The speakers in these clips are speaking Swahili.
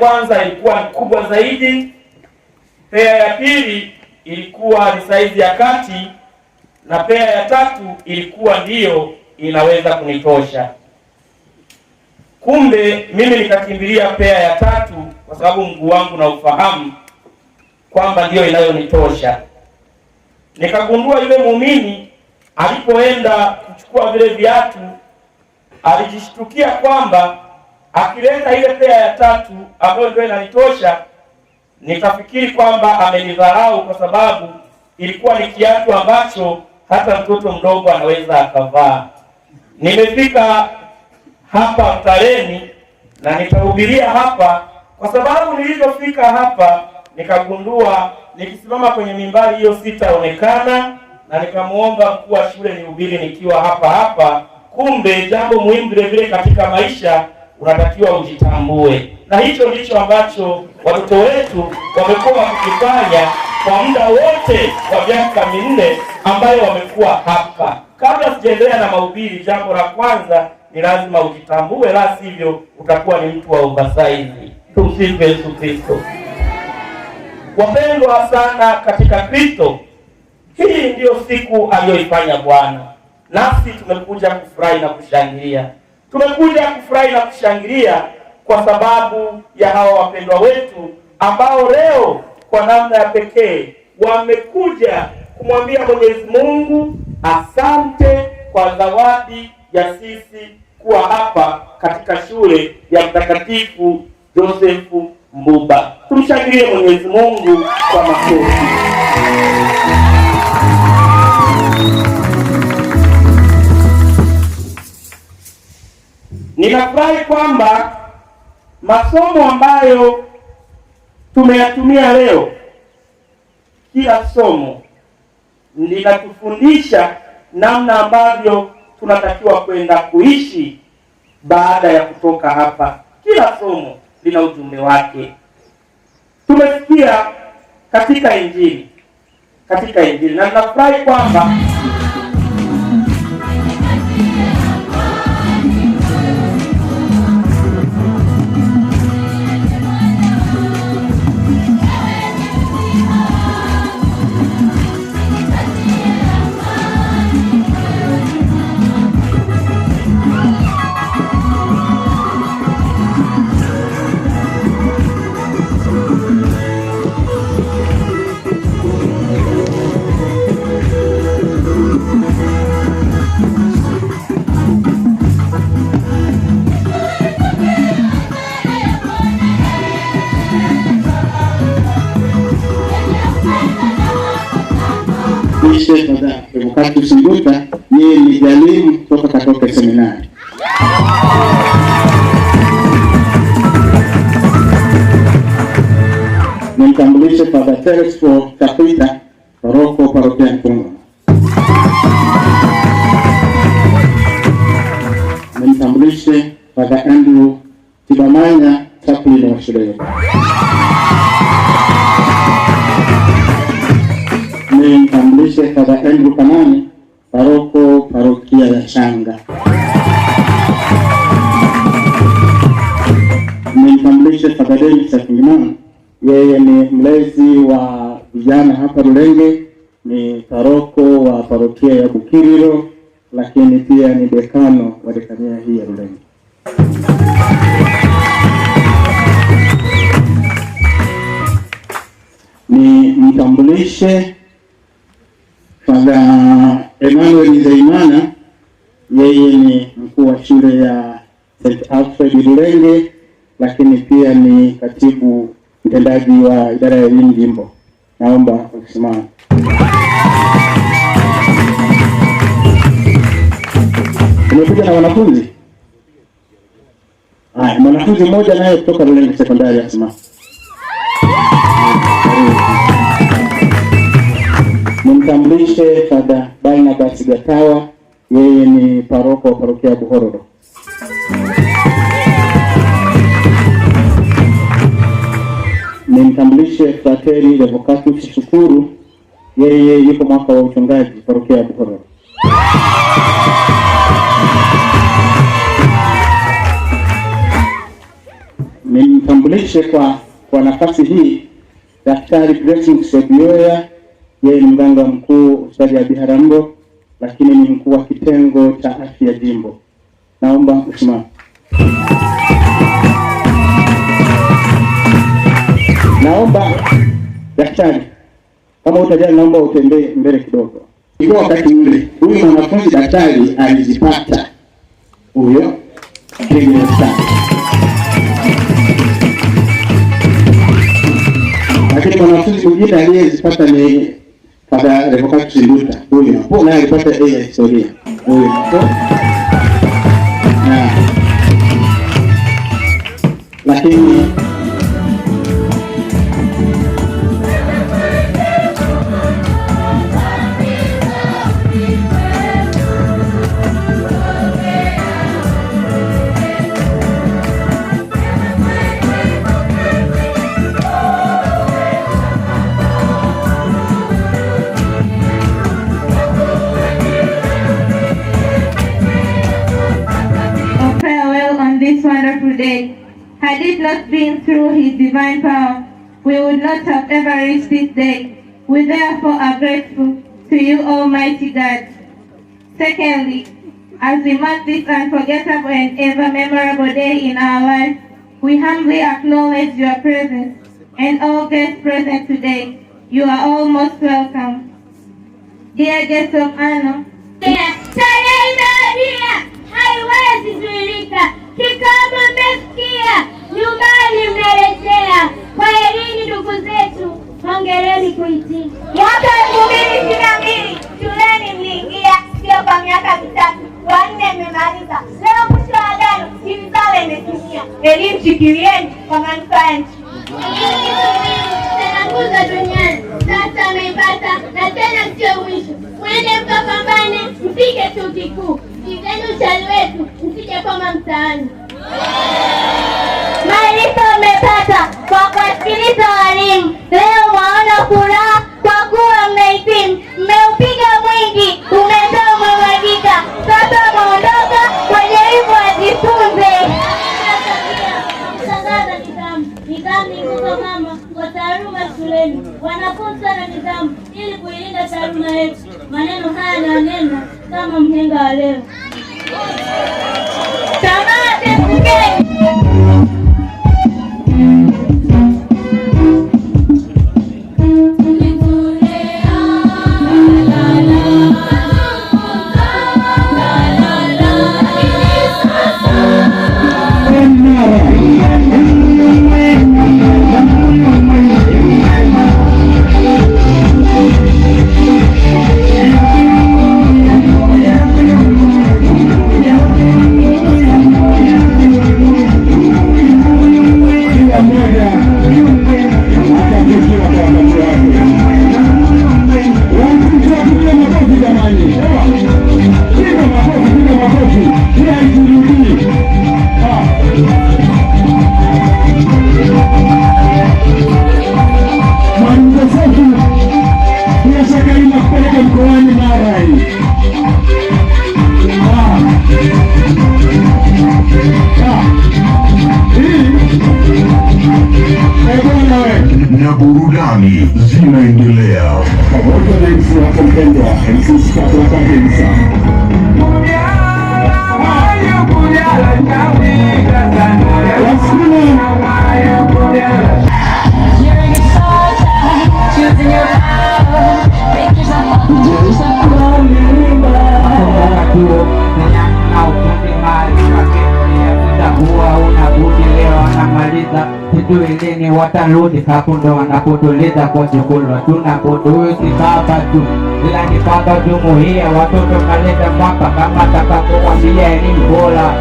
kwanza ilikuwa kubwa zaidi, pea ya pili ilikuwa ni saizi ya kati, na pea ya tatu ilikuwa ndiyo inaweza kunitosha. Kumbe mimi nikakimbilia pea ya tatu kwa sababu mguu wangu na ufahamu kwamba ndiyo inayonitosha. Nikagundua yule muumini alipoenda kuchukua vile viatu alijishtukia kwamba akileta ile pea ya tatu ambayo ndio inanitosha, nikafikiri kwamba amenidharau kwa sababu ilikuwa ni kiatu ambacho hata mtoto mdogo anaweza akavaa. Nimefika hapa Mtareni na nitahubiria hapa, kwa sababu nilivyofika hapa nikagundua, nikisimama kwenye mimbari hiyo sitaonekana, na nikamwomba mkuu wa shule nihubiri nikiwa hapa hapa. Kumbe jambo muhimu vile vile katika maisha unatakiwa ujitambue, na hicho ndicho ambacho watoto wetu wamekuwa wakifanya kwa muda wote wa miaka minne ambayo wamekuwa hapa. Kabla sijaendelea na mahubiri, jambo la kwanza ni lazima ujitambue, la sivyo utakuwa ni mtu wa ubasaizi. Tumsifu Yesu Kristo. Wapendwa sana katika Kristo, hii ndiyo siku aliyoifanya Bwana, nasi tumekuja kufurahi na kushangilia. Tumekuja kufurahi na kushangilia kwa sababu ya hawa wapendwa wetu ambao leo kwa namna ya pekee wamekuja kumwambia Mwenyezi Mungu asante kwa zawadi ya sisi kuwa hapa katika shule ya Mtakatifu Joseph Mbuba. Tumshangilie Mwenyezi Mungu kwa makofi. Tunafurahi kwamba masomo ambayo tumeyatumia leo, kila somo linatufundisha namna ambavyo tunatakiwa kwenda kuishi baada ya kutoka hapa. Kila somo lina ujumbe wake. Tumesikia katika Injili, katika Injili, na tunafurahi kwamba Mwishe Dada Evokatu Siguta, yeye ni jalimu kutoka Katoke Seminari. Nimtambulishe Padre Felix Kapita, paroko parokia Nkungwa. Nimtambulishe Padre Andrew Tibamanya, chaplain wa shule yetu. anayemtambulisha Padre Andrew Kamani, paroko parokia ya Shanga. Nimtambulishe Padre Denis Chakilimana, yeye ni mlezi wa vijana hapa Rulenge, ni paroko wa parokia ya Bukiriro, lakini pia ni dekano wa dekania hii ya Rulenge. Nimtambulishe Emmanuel Nzeimana, yeye ni mkuu wa shule ya St. Alfred Lulenge, lakini pia ni katibu mtendaji wa idara ya elimu jimbo. Naomba kusimama. Umekuja na wanafunzi? Haya, mwanafunzi mmoja naye kutoka Lulenge sekondari asimama nimtambulishe Fada Barnabas Gatawa, yeye ni paroko wa parokia Buhororo. Nimtambulishe Frateri Revocatus Shukuru, yeye yuko mwaka wa uchungaji parokia ya Buhororo. Nimtambulishe kwa kwa nafasi hii Daktari Blessing Sebioya yeye ni mganga mkuu hospitali ya Biharamulo, lakini ni mkuu wa kitengo cha afya jimbo. Naomba usimame. Naomba daktari, kama utajali, naomba utembee mbele kidogo. ikuwa wakati ule huyu mwanafunzi daktari alijipata huyo lakini mwanafunzi mwingine aliyezipata ni Baba Demokrati Nduta huyo hapo naye alipata A ya historia huyo hapo, ah. lakini wonderful day. Had it not been through his divine power, we would not have ever reached this day. We therefore are grateful to you, Almighty God. Secondly, as we mark this unforgettable and ever memorable day in our lives, we humbly acknowledge your presence and all guests present today. You are all most welcome. Dear guests of honor, mwenyekiti. Mwaka elfu mbili ishirini na mbili shuleni mliingia sio kwa miaka mitatu, wanne mmemaliza. Leo mwisho wa agano, imisala imetimia. Elimu shikilieni kwa manufaa ya nchi. Sera duniani sasa mmeipata na tena sio mwisho. Mwende mkapambane, mpige chuo kikuu, pigeni ushari wetu, msije koma mtaani. Maarifa mmepata kwa kuwasikiliza walimu, leo mwaona na burudani zinaendelea pamoja na MC mpendwa MC Skabla Kahensa. Choosing your power, make yourself up, do yourself tuilini watarudi hakundo wanakutuliza kujukulwa tunakuduzi baba tu ila ni baba jumuia watoto kaleta mwaka kama takakukwambia elimu bora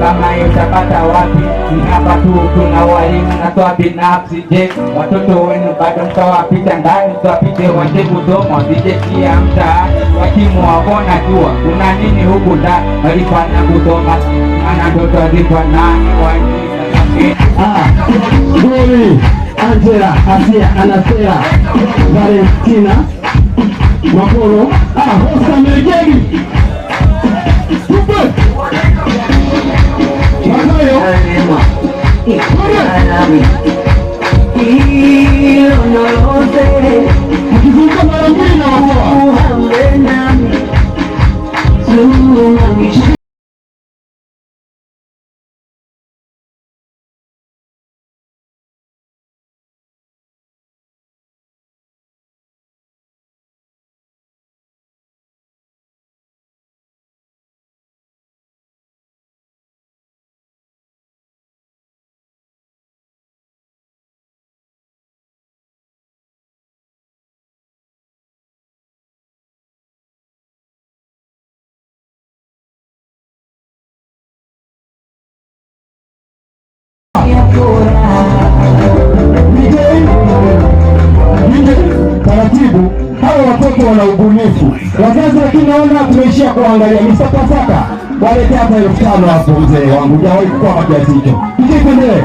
kama itapata wapi ni hapa tu tuna walimu natoa binafsi je watoto wenu bado mtawapita ndani twapite waje kusoma vijetia mtaani wakimu wakona jua kuna nini huku ndani walipana kusoma mana ndoto alipanani wani Ah, Goli Angela Asia Anasea Valentina Makono ah, taratibu, hawa watoto wana ubunifu. Wazazi lakini naona tumeishia kuangalia misakasaka. Walete hata elfu tano hapo, mzee wangu, jawahi kukuwa makiasi hicho ikipendelee